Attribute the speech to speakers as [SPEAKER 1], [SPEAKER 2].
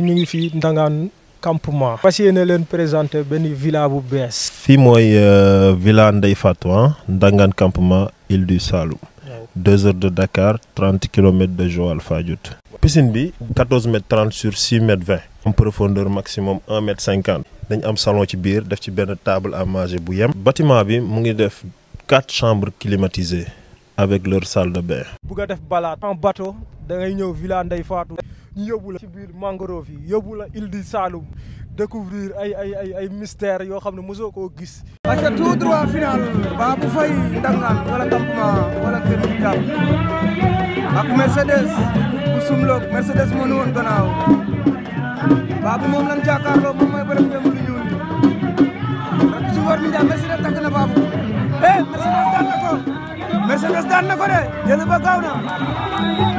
[SPEAKER 1] nous dans un campement. Passez vous présenter ben villa bu bes.
[SPEAKER 2] Fi moy euh, villa Ndey Fatwa hein, dans un campement île du Salou. 2 heures de Dakar, 30 km de Joal Fadjout. Piscine bi 14 m 30 sur 6 m 20. En profondeur maximum 1 m 50. Dañ am salon ci bir def ci ben table à manger bu Bâtiment bi mu ngi def 4 chambres climatisées avec leur salle de bain.
[SPEAKER 1] Bouga def balade en bateau, da ngay ñew villa Ndey Fatou. ñu yóbbu la ci biir mangrove yi yóbbu la découvrir ay ay ay ay mystères yoo xam ne mosoo koo gis.
[SPEAKER 3] parce que tout droit final Babou Faye Ndangaan wala campement wala kër gi jàpp Mercedes bu sumloog Mercedes moo nu woon gannaaw Babou moom lan jàkkaarloo moom mooy borom jëm lu ñuul rek ci ngoor mi njaam Mercedes takk na Babou eh, Mercedes daan na ko Mercedes
[SPEAKER 1] ba gaaw